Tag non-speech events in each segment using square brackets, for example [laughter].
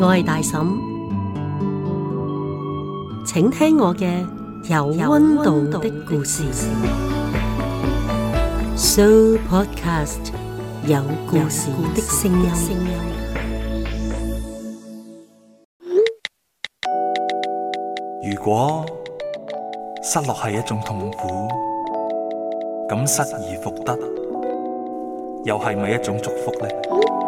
我係大嬸，請聽我嘅有温度的故事。So Podcast，有故事的聲音。如果失落係一種痛苦，咁失而復得，又係咪一種祝福呢？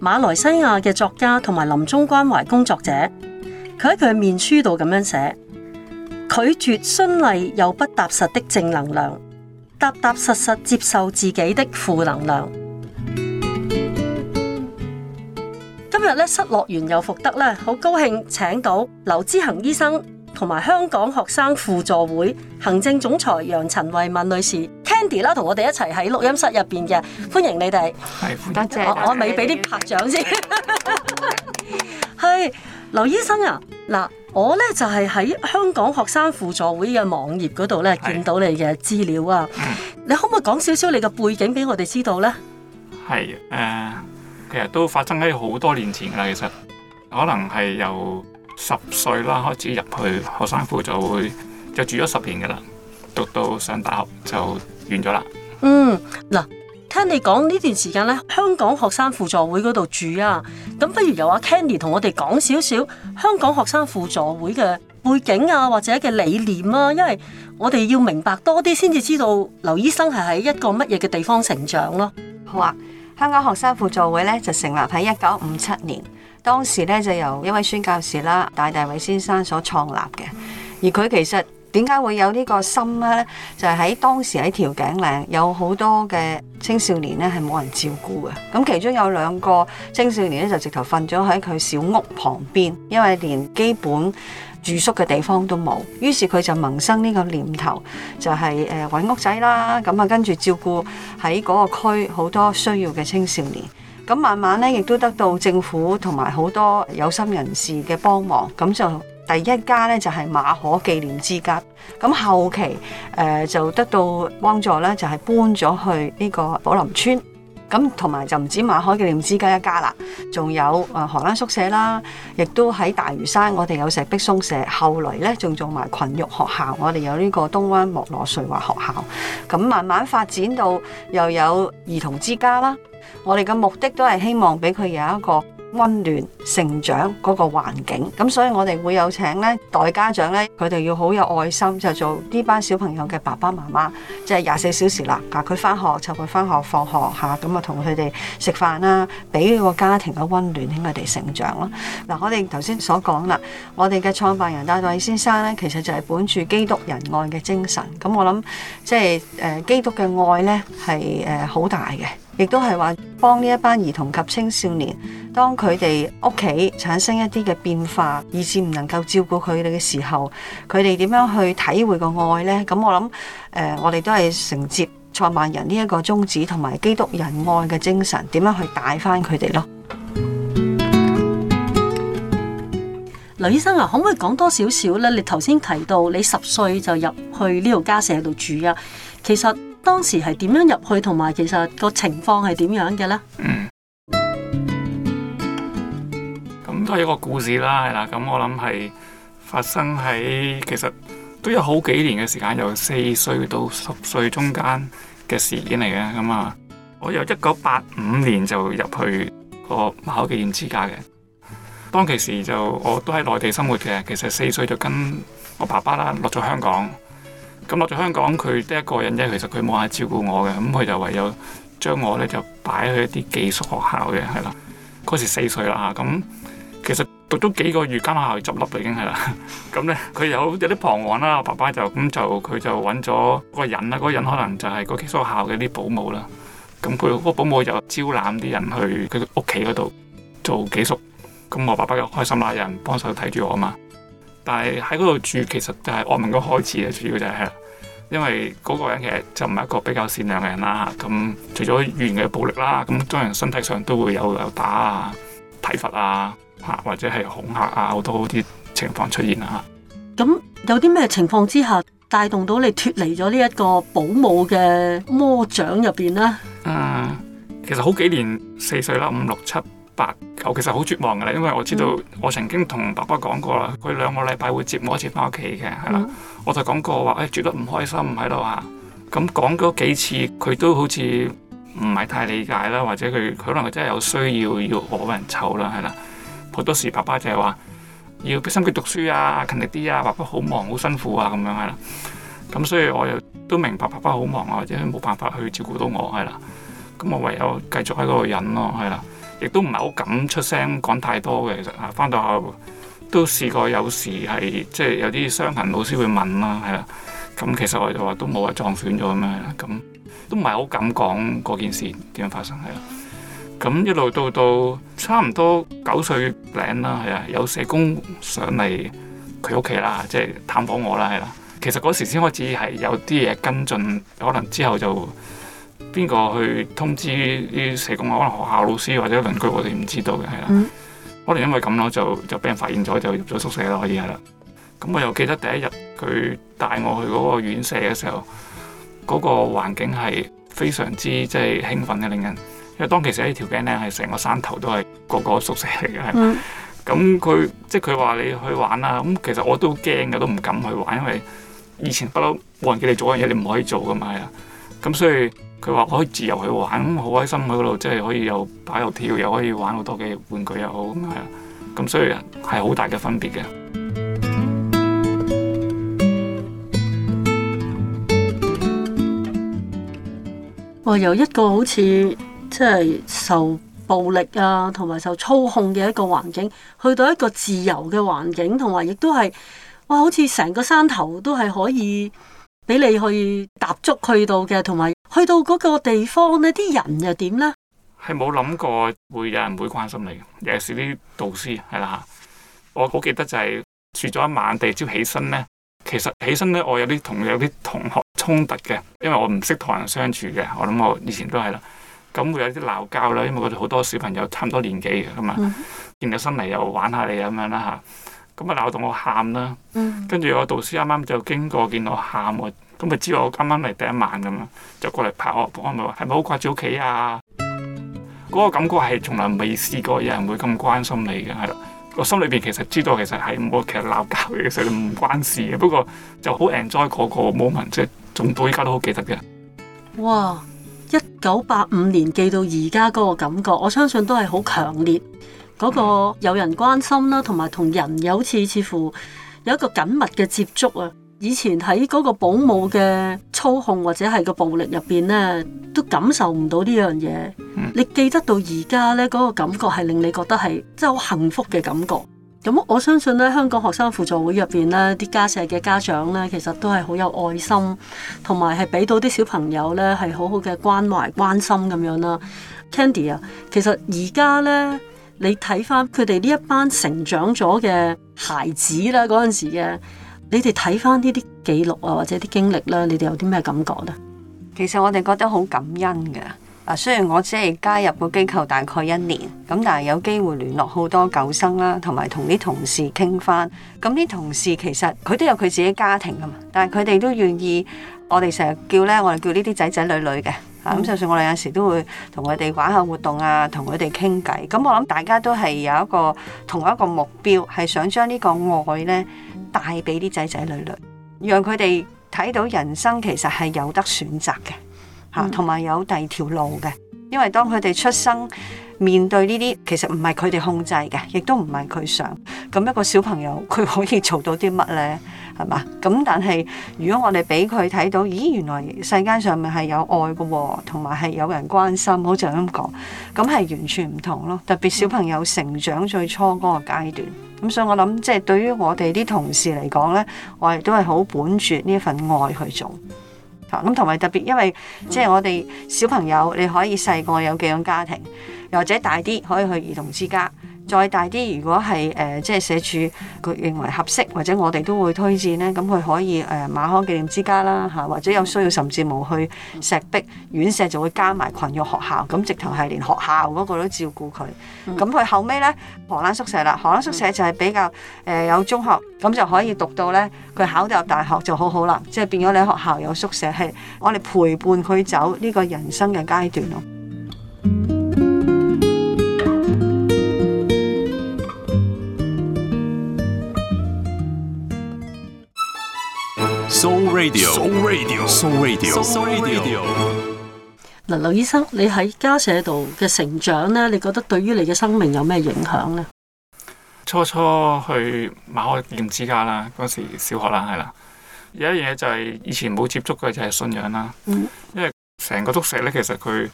馬來西亞嘅作家同埋臨終關懷工作者，佢喺佢嘅面書度咁樣寫：拒絕虛偽又不踏實的正能量，踏踏實實接受自己的負能量。今日咧失樂園又復得咧，好高興請到劉之恒醫生。同埋香港學生輔助會行政總裁楊陳慧敏女士 Candy 啦，同我哋一齊喺錄音室入邊嘅，歡迎你哋，係多謝我，的我咪俾啲拍掌先的。係劉 [laughs] 醫生啊，嗱，我呢就係、是、喺香港學生輔助會嘅網頁嗰度呢，見到你嘅資料啊，的你可唔可以講少少你嘅背景俾我哋知道呢？係誒、呃，其實都發生喺好多年前啦，其實可能係由。十歲啦，開始入去學生輔助會就住咗十年噶啦，讀到上大學就完咗啦。嗯，嗱，聽你講呢段時間咧，香港學生輔助會嗰度住啊，咁不如由阿 Candy 同我哋講少少香港學生輔助會嘅背景啊，或者嘅理念啊。因為我哋要明白多啲先至知道劉醫生係喺一個乜嘢嘅地方成長咯，啊。好啊，香港學生輔助會咧就成立喺一九五七年。當時咧就由一位宣教士啦，戴大偉先生所創立嘅。而佢其實點解會有呢個心咧？就係、是、喺當時喺調景嶺有好多嘅青少年咧係冇人照顧嘅。咁其中有兩個青少年咧就直頭瞓咗喺佢小屋旁邊，因為連基本住宿嘅地方都冇。於是佢就萌生呢個念頭，就係誒揾屋仔啦。咁啊跟住照顧喺嗰個區好多需要嘅青少年。咁慢慢咧，亦都得到政府同埋好多有心人士嘅幫忙，咁就第一家咧就係馬可紀念之家，咁後期誒、呃、就得到幫助咧，就係搬咗去呢個寶林村，咁同埋就唔止馬可紀念之家一家啦，仲有誒荷蘭宿舍啦，亦都喺大嶼山，我哋有石壁松舍，後來咧仲做埋群育學校，我哋有呢個東灣莫羅瑞華學校，咁慢慢發展到又有兒童之家啦。我哋嘅目的都係希望俾佢有一個溫暖成長嗰個環境，咁所以我哋會有請代家長咧，佢哋要好有愛心，就做呢班小朋友嘅爸爸媽媽，即係廿四小時啦吓，佢翻學就佢翻學放學吓，咁啊同佢哋食飯啦，俾個家庭嘅溫暖，令佢哋成長咯。嗱、啊，我哋頭先所講啦，我哋嘅創辦人戴偉先生咧，其實就係本住基督仁愛嘅精神，咁我諗，即係基督嘅愛咧係好大嘅。亦都係話幫呢一班兒童及青少年，當佢哋屋企產生一啲嘅變化，以至唔能夠照顧佢哋嘅時候，佢哋點樣去體會個愛呢？咁我諗，誒、呃，我哋都係承接創辦人呢一個宗旨，同埋基督人愛嘅精神，點樣去帶翻佢哋咯？劉醫生啊，可唔可以講多少少咧？你頭先提到你十歲就入去呢度家舍度住啊，其實。當時係點樣入去，同埋其實個情況係點樣嘅呢？咁、嗯、都係一個故事啦。係啦，咁我諗係發生喺其實都有好幾年嘅時間，由四歲到十歲中間嘅事件嚟嘅咁啊。我由一九八五年就入去個考執業資格嘅。當其時就我都喺內地生活嘅，其實四歲就跟我爸爸啦落咗香港。咁落咗香港，佢得一個人啫。其實佢冇話照顧我嘅，咁佢就唯有將我咧就擺去一啲寄宿學校嘅，係啦。嗰時四歲啦嚇，咁、啊、其實讀咗幾個月，間學校執笠，已經係啦。咁咧佢有有啲彷徨啦，我爸爸就咁就佢就揾咗嗰個人啦，嗰、那個、人可能就係嗰寄宿學校嘅啲保姆啦。咁佢嗰個保姆又招攬啲人去佢屋企嗰度做寄宿。咁、嗯、我爸爸又開心啦，有人幫手睇住我啊嘛。但係喺嗰度住，其實就係噩夢嘅開始嘅。主要就係，因為嗰個人其實就唔係一個比較善良嘅人啦嚇。咁除咗語言嘅暴力啦，咁當然身體上都會有有打啊、體罰啊嚇，或者係恐嚇啊好多好啲情況出現啊嚇。咁有啲咩情況之下帶動到你脫離咗呢一個保姆嘅魔掌入邊呢？嗯，其實好幾年，四歲啦，五六七八。其實好絕望嘅，因為我知道、嗯、我曾經同爸爸講過啦，佢兩個禮拜會接我一次翻屋企嘅，係啦，嗯、我就講過話，誒、哎，住得唔開心喺度吓，咁講咗幾次，佢都好似唔係太理解啦，或者佢可能佢真係有需要要我人湊啦，係啦，好多時爸爸就係話要俾心機讀書啊，勤力啲啊，爸爸好忙好辛苦啊，咁樣係啦，咁、啊、所以我又都明白爸爸好忙啊，或者冇辦法去照顧到我，係啦，咁、啊、我唯有繼續喺嗰度忍咯，係啦。亦都唔係好敢出聲講太多嘅，其實啊，翻到學校都試過，有時係即係有啲傷痕老師會問啦，係啦，咁其實我就話都冇話撞損咗咁樣，咁都唔係好敢講嗰件事點樣發生，係啦。咁、嗯、一路到到差唔多九歲零啦，係啊，有社工上嚟佢屋企啦，即係探訪我啦，係啦。其實嗰時先開始係有啲嘢跟進，可能之後就。邊個去通知啲社工啊？可能學校老師，或者鄰居，我哋唔知道嘅係啦。可能 [noise] 因為咁咯，就就俾人發現咗，就入咗宿舍可以。係啦。咁我又記得第一日佢帶我去嗰個院舍嘅時候，嗰、嗰個環境係非常之即係興奮嘅，令人因為當其實呢條街咧，係成個山頭都係個個宿舍嚟嘅，係嘛，咁佢即係佢話你去玩啊。咁其實我都驚嘅，都唔敢去玩，因為以前不嬲冇人叫你做嘅嘢，你唔可以做噶嘛，係啦，咁所以。佢話可以自由去玩，好開心喺嗰度，即係可以又擺又跳，又可以玩好多嘅玩具又好，係啊，咁所以係好大嘅分別嘅。哇！由一個好似即係受暴力啊，同埋受操控嘅一個環境，去到一個自由嘅環境，同埋亦都係哇，好似成個山頭都係可以俾你去踏足去到嘅，同埋。去到嗰個地方呢，啲人又點呢？係冇諗過會有人會關心你嘅，尤其是啲導師係啦。我好記得就係住咗一晚，第二朝起身呢。其實起身呢，我有啲同有啲同學衝突嘅，因為我唔識同人相處嘅，我諗我以前都係啦。咁會有啲鬧交啦，因為佢哋好多小朋友差唔多年紀嘅嘛，嗯、哼見個新嚟又玩下你咁樣啦吓。咁啊鬧到我喊啦，跟住、嗯、我導師啱啱就經過見到我喊。咁咪知我今晚嚟第一晚咁咯，就過嚟拍我。保安咪話：係咪好掛住屋企啊？嗰、那個感覺係從來未試過有人會咁關心你嘅，係啦。個心裏邊其實知道，其實係、欸、我其實鬧交嘅時候唔關事嘅。Ideally, [laughs] 不過就好 enjoy 嗰個 moment，即係仲到依家都好記得嘅。哇！一九八五年記到而家嗰個感覺，我相信都係好強烈。嗰、那個有人關心啦，同埋同人有似似乎有一個緊密嘅接觸啊！以前喺嗰個保姆嘅操控或者係個暴力入邊咧，都感受唔到呢樣嘢。你記得到而家咧，嗰個感覺係令你覺得係真係好幸福嘅感覺。咁我相信咧，香港學生輔助會入邊咧，啲家舍嘅家長咧，其實都係好有愛心，同埋係俾到啲小朋友咧係好好嘅關懷關心咁樣啦。Candy 啊，其實而家咧你睇翻佢哋呢一班成長咗嘅孩子咧嗰陣時嘅。你哋睇翻呢啲記錄啊，或者啲經歷啦，你哋有啲咩感覺咧？其實我哋覺得好感恩嘅。嗱，雖然我只係加入個機構大概一年，咁但係有機會聯絡好多舊生啦，同埋同啲同事傾翻。咁啲同事其實佢都有佢自己家庭噶嘛，但係佢哋都願意。我哋成日叫咧，我哋叫呢啲仔仔女女嘅，啊咁就算我哋有時都會同佢哋玩下活動啊，同佢哋傾偈。咁我諗大家都係有一個同一個目標，係想將呢個愛咧帶俾啲仔仔女女，讓佢哋睇到人生其實係有得選擇嘅，吓同埋有第二條路嘅。因為當佢哋出生。面對呢啲，其實唔係佢哋控制嘅，亦都唔係佢想。咁一個小朋友，佢可以做到啲乜呢？係嘛？咁但係，如果我哋俾佢睇到，咦，原來世間上面係有愛嘅、哦，同埋係有人關心，好似咁講，咁係完全唔同咯。特別小朋友成長最初嗰個階段。咁所以我，即係、我諗即係對於我哋啲同事嚟講呢，我哋都係好本住呢一份愛去做。咁同埋特別，因為即係我哋小朋友，你可以細個有寄養家庭，又或者大啲可以去兒童之家。再大啲，如果係誒，即係社署佢認為合適，或者我哋都會推薦咧，咁佢可以誒、呃、馬康紀念之家啦嚇、啊，或者有需要甚至冇去石壁院舍，就會加埋群育學校，咁直頭係連學校嗰個都照顧佢。咁佢後尾咧，荷蘭宿舍啦，荷蘭宿舍就係比較誒、呃、有中學，咁就可以讀到咧，佢考到入大學就好好啦，即係變咗你喺學校有宿舍係，我哋陪伴佢走呢個人生嘅階段咯。So radio，So radio，So radio，So radio。嗱，劉醫生，你喺家舍度嘅成長咧，你覺得對於你嘅生命有咩影響咧？初初去馬可劍之家啦，嗰時小學啦，係啦。有一樣嘢就係以前冇接觸嘅就係、是、信仰啦。嗯、因為成個宿舍咧，其實佢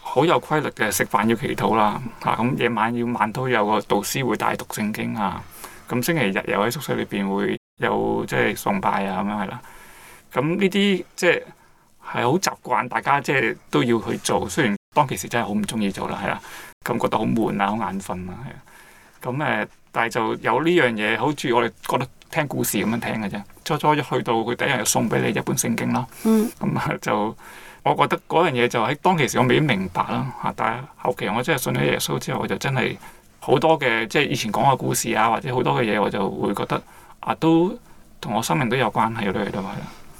好有規律嘅，食飯要祈禱啦，吓，咁夜晚要晚禱都有個導師會帶讀聖經啊。咁星期日又喺宿舍裏邊會。有即係崇拜啊，咁樣係啦。咁呢啲即係係好習慣，大家即係都要去做。雖然當其時真係好唔中意做啦，係啦咁覺得好悶啊，好眼瞓啊，係啊咁誒。但係就有呢樣嘢，好似我哋覺得聽故事咁樣聽嘅啫。初初一去到佢第一日送俾你一本聖經啦，嗯咁、嗯、就我覺得嗰樣嘢就喺當其時我未必明白啦吓，但係後期我真係信咗耶穌之後，我就真係好多嘅即係以前講嘅故事啊，或者好多嘅嘢，我就會覺得。啊，都同我生命都有關係咯，都係。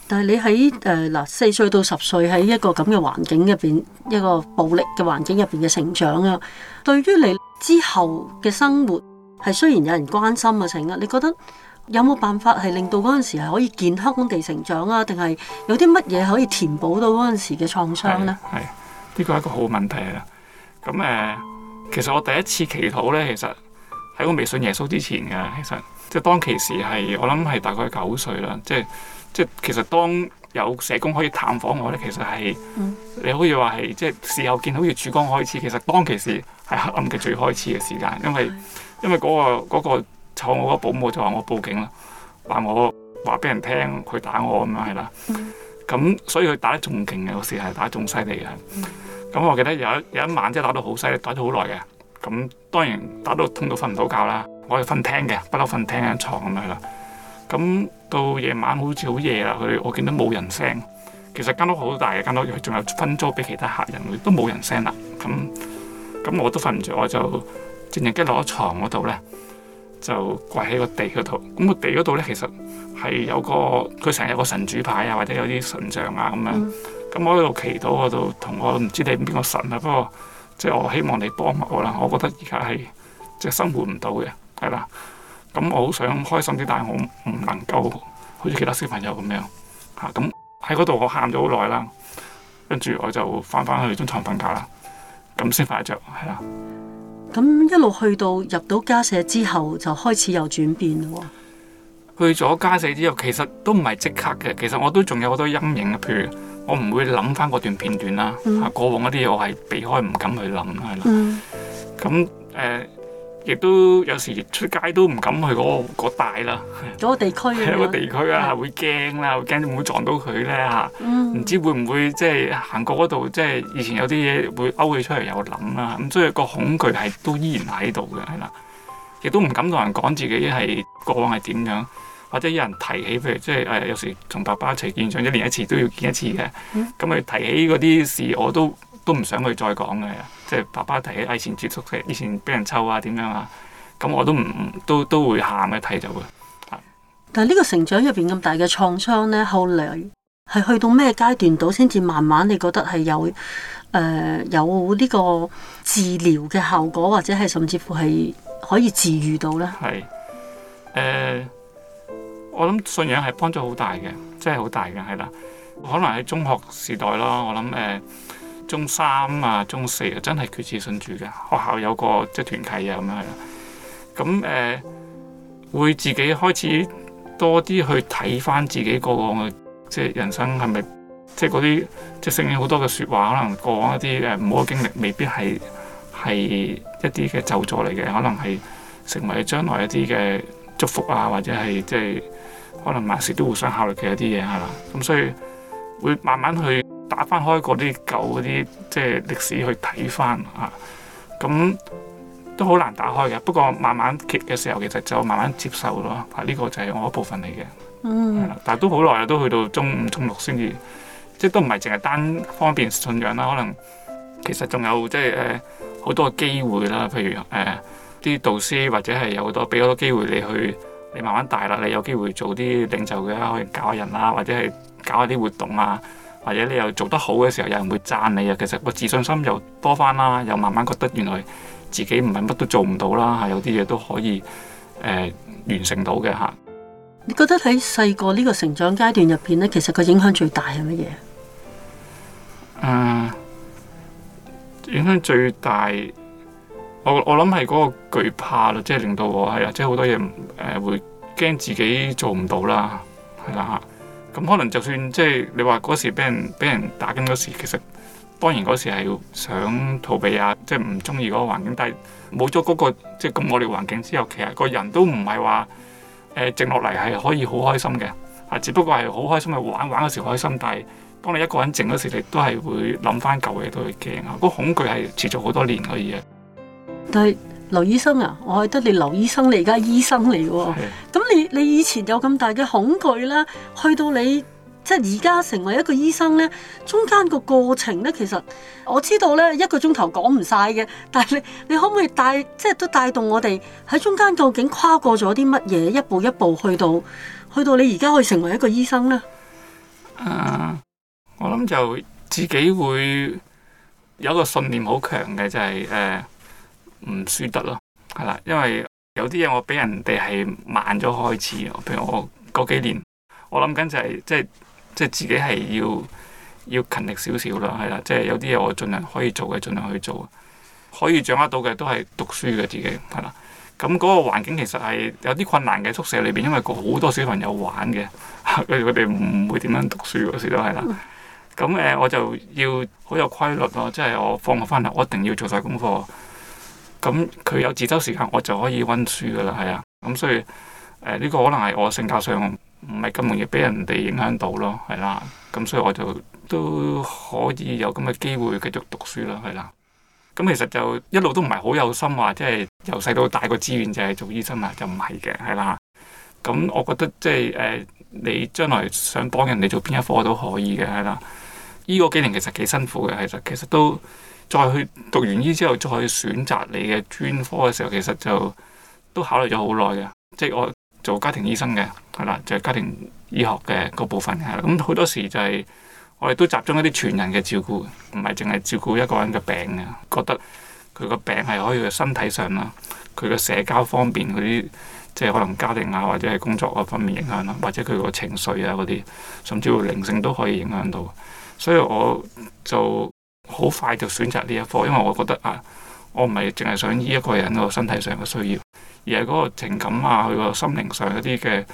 但係你喺誒嗱，四、呃、歲到十歲喺一個咁嘅環境入邊，一個暴力嘅環境入邊嘅成長啊，對於你之後嘅生活係雖然有人關心啊，成啊，你覺得有冇辦法係令到嗰陣時係可以健康地成長啊？定係有啲乜嘢可以填補到嗰陣時嘅創傷呢？係呢個係一個好問題啊！咁誒、呃，其實我第一次祈禱咧，其實。喺我未信耶穌之前嘅，其實即係當其時係我諗係大概九歲啦。即係即係其實當有社工可以探訪我咧，其實係、嗯、你可以話係即係事後見，好似曙光開始。其實當其時係黑暗嘅最開始嘅時間，因為因為嗰、那個嗰、那個那個、湊我個保姆就話我報警啦，話我話俾人聽佢打我咁樣係啦。咁、嗯、所以佢打得仲勁嘅，有時係打得仲犀利嘅。咁、嗯、我記得有一有一晚即係打到好犀利，打咗好耐嘅。咁當然打到痛到瞓唔到覺啦，我係瞓廳嘅，不嬲瞓廳喺床咁樣啦。咁到夜晚好似好夜啦，佢我見到冇人聲，其實間屋好大嘅間屋，仲有分租俾其他客人，佢都冇人聲啦。咁咁我都瞓唔着，我就靜靜雞落咗床嗰度咧，就跪喺個地嗰度。咁個地嗰度咧，其實係有個佢成日有個神主牌啊，或者有啲神像啊咁樣。咁、嗯、我喺度祈禱，我度同我唔知你邊個神啊，不過。即係我希望你幫我啦，我覺得而家係即係生活唔到嘅，係啦。咁我好想開心啲，但係我唔能夠好似其他小朋友咁樣嚇。咁喺嗰度我喊咗好耐啦，跟住我就翻翻去張牀瞓覺啦，咁先快着，係啦。咁一路去到入到家舍之後，就開始有轉變喎。去咗加四之後，其實都唔係即刻嘅。其實我都仲有好多陰影啊，譬如我唔會諗翻嗰段片段啦，啊、嗯、過往嗰啲嘢我係避開唔敢去諗係啦。咁誒、嗯呃，亦都有時出街都唔敢去嗰、嗰個嗰帶啦，嗰個地區啊，嗰個地區啊，係會驚啦，會驚會唔會撞到佢咧嚇？唔、嗯、知會唔會即係行過嗰度，即係以前有啲嘢會勾起出嚟又諗啦。咁所以個恐懼係都依然喺度嘅，係啦。亦都唔敢同人講自己係過往係點樣，或者有人提起，譬如即係誒，有時同爸爸一齊見上一年一次都要見一次嘅。咁佢提起嗰啲事，我都都唔想去再講嘅。即係爸爸提起以前住宿舍、以前俾人抽啊點樣啊，咁我都唔都都會喊一提就㗎。但係呢個成長入邊咁大嘅創傷咧，後嚟係去到咩階段到先至慢慢你覺得係有誒、呃、有呢個治療嘅效果，或者係甚至乎係？可以治癒到啦。係，誒、呃，我諗信仰係幫助好大嘅，真係好大嘅，係啦。可能喺中學時代咯，我諗，誒、呃，中三啊，中四啊，真係決志信主嘅。學校有個即係團契啊，咁樣，咁、嗯、誒、呃，會自己開始多啲去睇翻自己過往嘅，即係人生係咪，即係嗰啲，即係聖經好多嘅說話，可能過往一啲誒唔好嘅經歷，未必係係。一啲嘅咒詛嚟嘅，可能係成為你將來一啲嘅祝福啊，或者係即係可能萬事都互相考慮嘅一啲嘢，係啦。咁所以會慢慢去打翻開嗰啲舊嗰啲即係歷史去睇翻啊。咁都好難打開嘅。不過慢慢揭嘅時候，其實就慢慢接受咯。啊，呢個就係我一部分嚟嘅。嗯。係啦，但係都好耐啦，都去到中五、中六先至，即係都唔係淨係單方面信仰啦。可能其實仲有即係誒。呃好多機會啦，譬如誒啲、呃、導師或者係有好多俾好多機會你去，你慢慢大啦，你有機會做啲領袖嘅啦，可以搞下人啦，或者係搞下啲活動啊，或者你又做得好嘅時候，有人會讚你啊，其實個自信心又多翻啦，又慢慢覺得原來自己唔係乜都做唔到啦，嚇，有啲嘢都可以誒、呃、完成到嘅嚇。啊、你覺得喺細個呢個成長階段入邊咧，其實個影響最大係乜嘢？嗯。影響最大，我我諗係嗰個懼怕啦，即係令到我係啊，即係好多嘢誒、呃、會驚自己做唔到啦，係啦嚇。咁、嗯、可能就算即係你話嗰時俾人俾人打緊嗰時，其實當然嗰時係想逃避下，即係唔中意嗰個環境。但係冇咗嗰個即係咁惡劣環境之後，其實個人都唔係話誒靜落嚟係可以好開心嘅，啊，只不過係好開心去玩玩嘅時候開心，但係。當你一個人靜嗰時，你都係會諗翻舊嘢，都會驚啊！那個，恐懼係持續好多年可以啊。但係劉醫生啊，我係得你劉醫生嚟，而家醫生嚟喎。咁的你你以前有咁大嘅恐懼啦，去到你即係而家成為一個醫生咧，中間個過程咧，其實我知道咧一個鐘頭講唔晒嘅。但係你你可唔可以帶即係都帶動我哋喺中間究竟跨過咗啲乜嘢，一步一步去到去到你而家可以成為一個醫生咧？啊、uh！我諗就自己會有個信念好強嘅，就係誒唔輸得咯，係啦。因為有啲嘢我俾人哋係慢咗開始，譬如我嗰幾年，我諗緊就係、是、即係即係自己係要要勤力少少啦，係啦。即係有啲嘢我盡量可以做嘅，盡量去做，可以掌握到嘅都係讀書嘅自己，係啦。咁嗰個環境其實係有啲困難嘅，宿舍裏邊因為好多小朋友玩嘅，佢哋唔會點樣讀書，時都係啦。咁誒、嗯，我就要好有規律咯，即係我放學翻嚟，我一定要做晒功課。咁、嗯、佢有自修時間，我就可以溫書噶啦，係啊。咁、嗯、所以誒，呢、呃這個可能係我性格上唔係咁容易俾人哋影響到咯，係啦。咁、嗯、所以我就都可以有咁嘅機會繼續讀書啦，係啦。咁、嗯、其實就一路都唔係好有心話，即係由細到大個志願就係做醫生啊，就唔係嘅，係啦。咁、嗯、我覺得即係誒、呃，你將來想幫人哋做邊一科都可以嘅，係啦。呢個幾年其實幾辛苦嘅，其實其實都再去讀完醫之後，再去選擇你嘅專科嘅時候，其實就都考慮咗好耐嘅。即係我做家庭醫生嘅，係啦，就係、係、家庭醫學嘅嗰部分嘅。咁好多時就係、係、我哋都集中一啲全人嘅照顧，唔係淨係照顧一個人嘅病嘅。覺得佢個病係可以喺身體上啦，佢嘅社交方面嗰啲，即係可能家庭啊或者係工作嗰方面影響啦，或者佢個情緒啊嗰啲，甚至乎靈性都可以影響到。所以我就好快就選擇呢一科，因為我覺得啊，我唔係淨係想醫一個人個身體上嘅需要，而係嗰個情感啊、佢個心靈上嗰啲嘅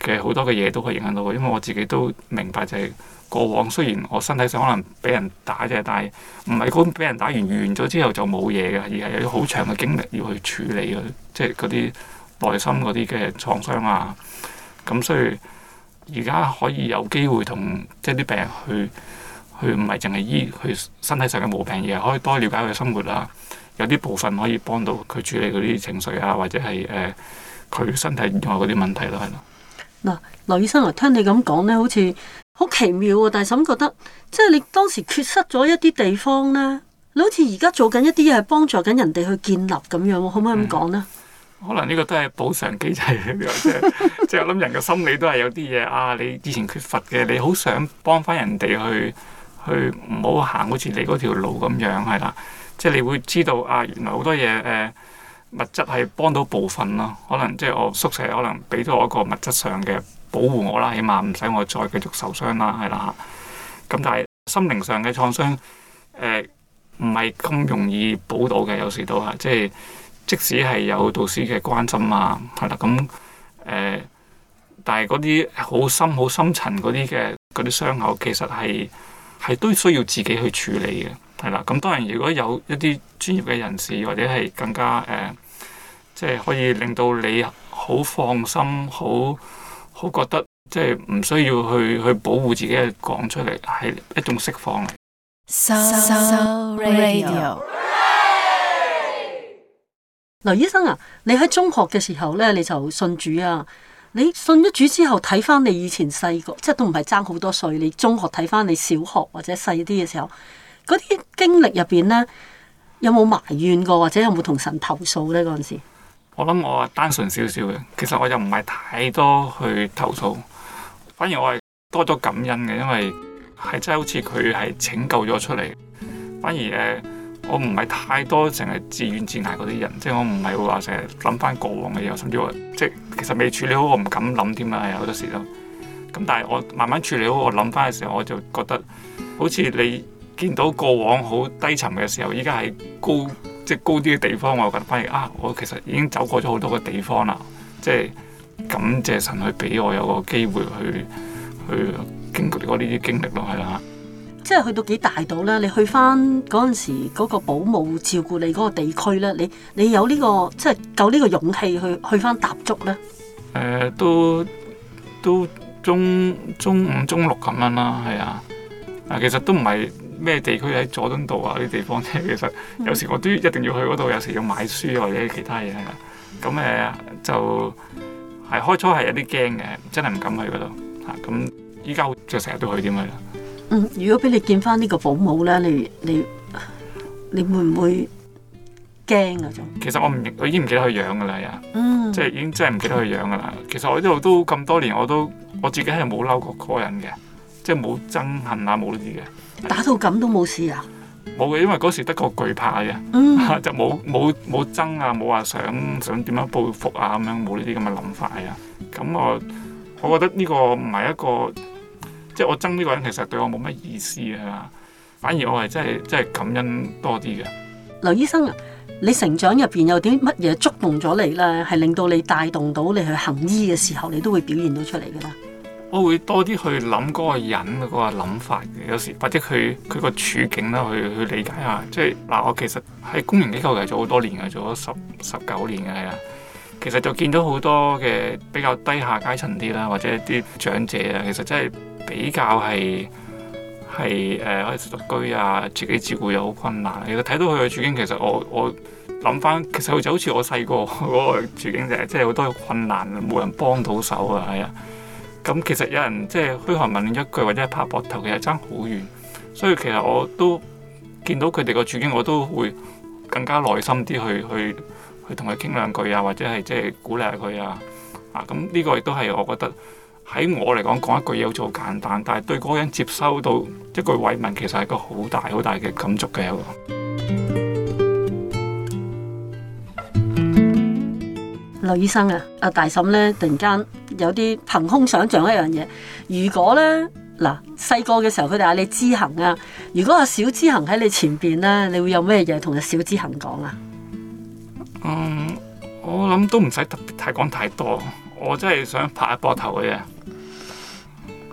嘅好多嘅嘢都可以影響到我。我因為我自己都明白、就係，就係過往雖然我身體上可能俾人打啫，但係唔係嗰俾人打完完咗之後就冇嘢嘅，而係有好長嘅經歷要去處理嘅，即係嗰啲內心嗰啲嘅創傷啊。咁所以而家可以有機會同即係啲病人去。佢唔係淨係醫佢身體上嘅毛病，而係可以多了解佢嘅生活啊。有啲部分可以幫到佢處理嗰啲情緒啊，或者係誒佢身體以外嗰啲問題咯，係咯。嗱，劉醫生啊，聽你咁講咧，好似好奇妙喎。但係怎覺得即係你當時缺失咗一啲地方咧？你好似而家做緊一啲嘢，係幫助緊人哋去建立咁樣，可唔可以咁講咧？可能呢個都係補償機制嚟嘅啫。即係、 [laughs] 即係即係、我諗人嘅心理都係有啲嘢啊，你之前缺乏嘅，你好想幫翻人哋去。去唔好行，好似你嗰條路咁樣係啦，即係、就是、你會知道啊。原來好多嘢誒、呃、物質係幫到部分咯，可能即係、就是、我宿舍可能俾咗我一個物質上嘅保護我啦，起碼唔使我再繼續受傷啦，係啦嚇。咁、嗯、但係心靈上嘅創傷誒，唔係咁容易補到嘅，有時都係即係即使係有導師嘅關心啊，係啦咁誒，但係嗰啲好深好深層嗰啲嘅嗰啲傷口，其實係。係都需要自己去處理嘅，係啦。咁當然，如果有一啲專業嘅人士，或者係更加誒、呃，即係可以令到你好放心，好好覺得即係唔需要去去保護自己，嘅，講出嚟係一種釋放嚟。So, so, so Radio。劉醫生啊，你喺中學嘅時候呢，你就信主啊？你信咗主之後睇翻你以前細個，即係都唔係爭好多歲。你中學睇翻你小學或者細啲嘅時候，嗰啲經歷入邊咧，有冇埋怨過或者有冇同神投訴咧？嗰陣時，我諗我啊單純少少嘅，其實我又唔係太多去投訴，反而我係多咗感恩嘅，因為係真係好似佢係拯救咗出嚟，反而誒。我唔係太多成日自怨自艾嗰啲人，即係我唔係話成日諗翻過往嘅嘢，甚至話即係其實未處理好，我唔敢諗添啊！係好多時都咁，但係我慢慢處理好，我諗翻嘅時候，我就覺得好似你見到過往好低層嘅時候，依家喺高即係高啲嘅地方，我又覺得反而啊，我其實已經走過咗好多個地方啦，即係感謝神去俾我有個機會去去經過呢啲經歷落去啊！即係去到幾大度咧？你去翻嗰陣時嗰個保姆照顧你嗰個地區咧，你你有呢、這個即係夠呢個勇氣去去翻踏足咧？誒、呃，都都中中五中六咁樣啦，係啊！啊，其實都唔係咩地區喺佐敦道啊啲地方啫。其實有時我都一定要去嗰度，有時要買書或者其他嘢啦、啊。咁誒、呃、就係開初係有啲驚嘅，真係唔敢去嗰度嚇。咁依家就成日都去點啊？嗯，如果俾你見翻呢個保姆咧，你你你會唔會驚嗰種？啊、其實我唔，我已經唔記得佢樣噶啦呀。嗯，即係已經真係唔記得佢樣噶啦。其實我呢度都咁多年，我都我自己係冇嬲過個人嘅，即係冇憎恨啊，冇呢啲嘅。打到咁都冇事啊？冇嘅，因為嗰時得個懼怕嘅。嗯、 [laughs] 就冇冇冇憎啊，冇話想想點樣報復啊，咁樣冇呢啲咁嘅諗法呀。咁我我覺得呢個唔係一個。即係我憎呢個人，其實對我冇乜意思嘅，係嘛。反而我係真係真係感恩多啲嘅。劉醫生啊，你成長入邊有啲乜嘢觸動咗你呢？係令到你帶動到你去行醫嘅時候，你都會表現到出嚟嘅啦。我會多啲去諗嗰個人嗰、嗰個諗法嘅。有時或者佢佢個處境啦，去去理解下。即係嗱、啊，我其實喺公營機構嚟咗好多年嘅，做咗十十九年嘅係啊。其實就見到好多嘅比較低下階層啲啦，或者啲長者啊，其實真係。比較係係誒可以獨居啊，自己照顧又好困難。其實睇到佢嘅處境，其實我我諗翻，其實好似好似我細個嗰個處境就係，即係好多困難，冇人幫到手啊，係啊。咁、嗯、其實有人即係虛寒問，問一句，或者係拍膊頭，其實爭好遠。所以其實我都見到佢哋嘅處境，我都會更加耐心啲去去去同佢傾兩句啊，或者係即係鼓勵下佢啊。啊，咁呢個亦都係我覺得。喺我嚟講講一句嘢好似好簡單，但係對嗰個人接收到一句慰問，其實係個好大好大嘅感觸嘅一個。劉醫生啊，阿大嬸咧，突然間有啲憑空想象一樣嘢。如果咧嗱細個嘅時候佢哋嗌你知行啊，如果阿小知行喺你前邊咧，你會有咩嘢同阿小知行講啊？嗯，我諗都唔使特別太講太多。我真係想拍喺膊頭嘅啫，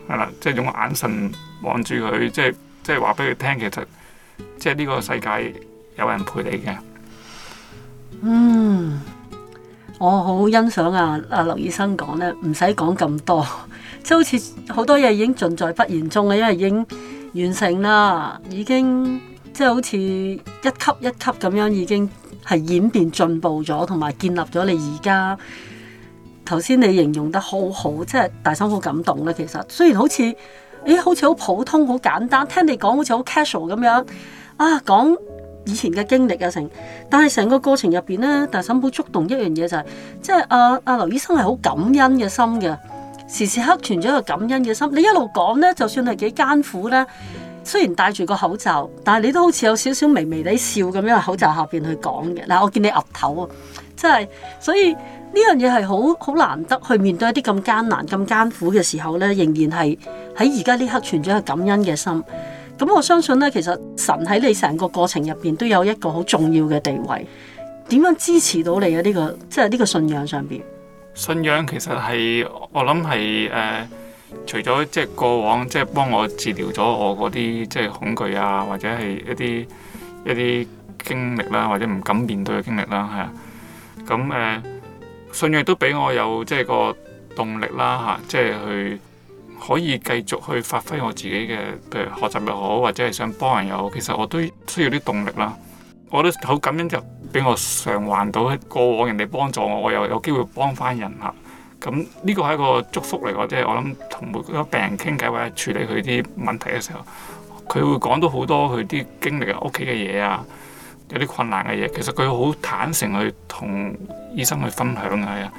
係啦，即係用眼神望住佢，即係即係話俾佢聽，其實即係呢個世界有人陪你嘅。嗯，我好欣賞啊！阿劉醫生講咧，唔使講咁多，即係好似好多嘢已經盡在不言中啦，因為已經完成啦，已經即係好似一級一級咁樣，已經係演變進步咗，同埋建立咗你而家。頭先你形容得好好，即係大嬸好感動咧。其實雖然好似，誒好似好普通、好簡單，聽你講好似好 casual 咁樣啊，講以前嘅經歷啊成，但係成個過程入邊咧，大嬸好觸動一樣嘢就係、是，即係阿阿劉醫生係好感恩嘅心嘅，時時刻存咗個感恩嘅心。你一路講咧，就算係幾艱苦咧，雖然戴住個口罩，但係你都好似有少少微微哋笑咁樣，口罩下邊去講嘅。嗱、啊，我見你額頭啊，即係所以。呢樣嘢係好好難得，去面對一啲咁艱難、咁艱苦嘅時候咧，仍然係喺而家呢刻存咗一個感恩嘅心。咁我相信咧，其實神喺你成個過程入邊都有一個好重要嘅地位。點樣支持到你啊？呢個即係呢個信仰上邊。信仰其實係我諗係誒，除咗即係過往即係幫我治療咗我嗰啲即係恐懼啊，或者係一啲一啲經歷啦，或者唔敢面對嘅經歷啦，係啊，咁誒。呃信仰都俾我有即係個動力啦吓，即係去可以繼續去發揮我自己嘅，譬如學習又好，或者係想幫人又好，其實我都需要啲動力啦。我覺得好感恩就俾我償還到過往人哋幫助我，我又有機會幫翻人啦。咁呢個係一個祝福嚟嘅，即係我諗同每個病人傾偈或者處理佢啲問題嘅時候，佢會講到好多佢啲經歷、屋企嘅嘢啊。有啲困難嘅嘢，其實佢好坦誠去同醫生去分享啊，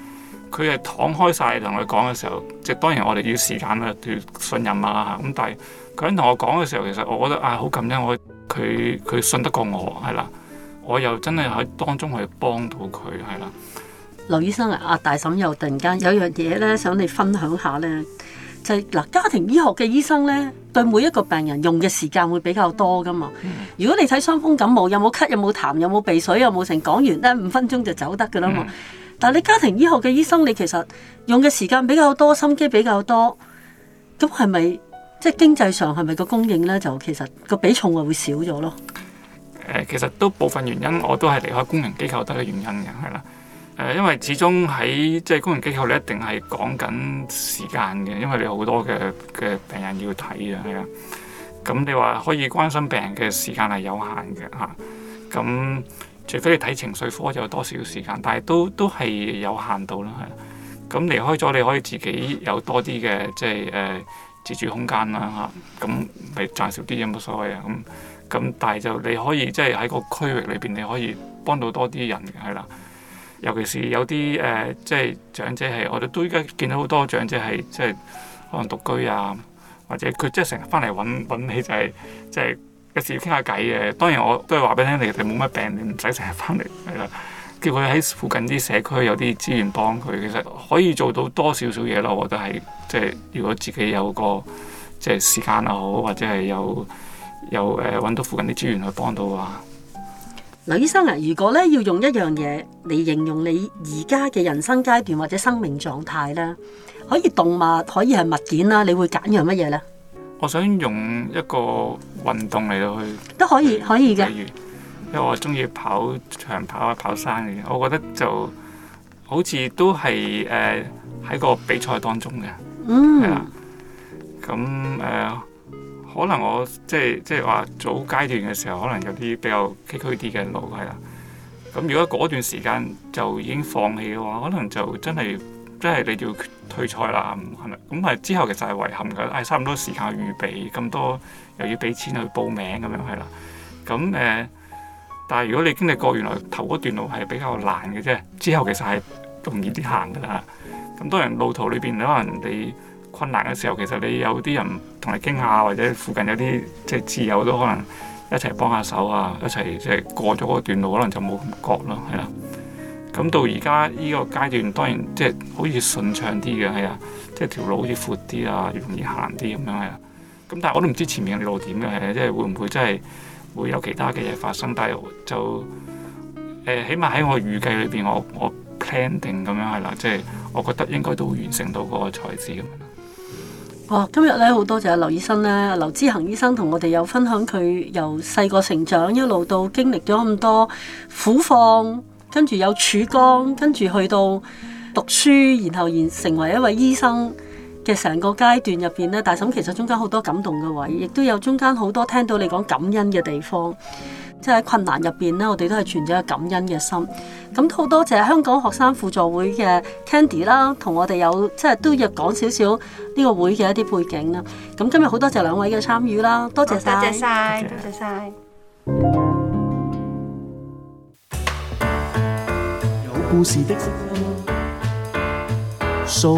佢係敞開晒同佢講嘅時候，即係當然我哋要時間啦，要信任啊，咁但係佢喺同我講嘅時候，其實我覺得啊好、哎、感恩我佢佢信得過我係啦，我又真係喺當中去幫到佢係啦。劉醫生啊，阿大嬸又突然間有樣嘢咧，想你分享下咧。嗱，家庭醫學嘅醫生咧，對每一個病人用嘅時間會比較多噶嘛。如果你睇傷風感冒，有冇咳，咳，有冇痰，有冇鼻水，有冇成講完咧五分鐘就走得噶啦嘛。但係你家庭醫學嘅醫生，你其實用嘅時間比較多，心機比較多。咁係咪即係經濟上係咪個供應咧？就其實個比重就會少咗咯。誒、呃，其實都部分原因我都係離開公營機構得嘅原因嘅，係啦。誒，因為始終喺即係公營機構，你一定係講緊時間嘅，因為你好多嘅嘅病人要睇啊，係啊。咁你話可以關心病人嘅時間係有限嘅嚇。咁除非你睇情緒科，就有多少時間，但係都都係有限度啦，係。咁離開咗，你可以自己有多啲嘅即係誒、呃、自主空間啦嚇。咁咪賺少啲有冇所謂啊？咁咁，但係就你可以即係喺個區域裏邊，你可以幫到多啲人，係啦。尤其是有啲誒、呃，即係長者係，我哋都依家見到好多長者係，即係可能獨居啊，或者佢即係成日翻嚟揾揾你，就係，就係即係有時要傾下偈嘅。當然我都係話俾你聽，你哋冇乜病，你唔使成日翻嚟係啦。叫佢喺附近啲社區有啲資源幫佢，其實可以做到多少少嘢咯。我覺得係，即係如果自己有個即係時間又好，或者係有有誒揾、呃、到附近啲資源去幫到啊。女醫生啊，如果咧要用一樣嘢嚟形容你而家嘅人生階段或者生命狀態咧，可以動物，可以係物件啦，你會揀樣乜嘢咧？我想用一個運動嚟到去都可以，可以嘅。例如，因為我中意跑長跑啊，跑山嘅，我覺得就好似都係誒喺個比賽當中嘅。嗯，係啦，咁誒。Uh, 可能我即係即係話早階段嘅時候，可能有啲比較崎嶇啲嘅路係啦。咁如果嗰段時間就已經放棄嘅話，可能就真係真係你要退賽啦，係咪？咁、嗯、啊之後其實係遺憾㗎，係、哎、差唔多時間預備咁多，又要俾錢去報名咁樣係啦。咁誒、嗯嗯，但係如果你經歷過原來頭段路係比較難嘅啫，之後其實係容易啲行嘅啦。咁多人路途裏邊可能你困難嘅時候，其實有你有啲人同你傾下，或者附近有啲即係摯友都可能一齊幫下手啊，一齊即係過咗嗰段路，可能就冇咁覺咯，係啦。咁到而家呢個階段，當然即係好似順暢啲嘅，係啊，即係條路好似闊啲啊，容易行啲咁樣係啊。咁但係我都唔知前面嘅路點嘅，即係會唔會真係會有其他嘅嘢發生？但係就誒、呃，起碼喺我預計裏邊，我我 plan 定咁樣係啦，即係我覺得應該都會完成到嗰個賽事咁。哦，今日咧好多謝劉醫生咧，劉之恒醫生同我哋有分享佢由細個成長一路到經歷咗咁多苦況，跟住有曙光，跟住去到讀書，然後然成為一位醫生嘅成個階段入邊咧，大嬸其實中間好多感動嘅位，亦都有中間好多聽到你講感恩嘅地方，即係喺困難入邊咧，我哋都係存咗感恩嘅心。咁好多謝香港學生輔助會嘅 Candy 啦，同我哋有即係都要講少少呢個會嘅一啲背景啦。咁今日好多謝兩位嘅參與啦，多謝晒！多謝晒！有故事的。So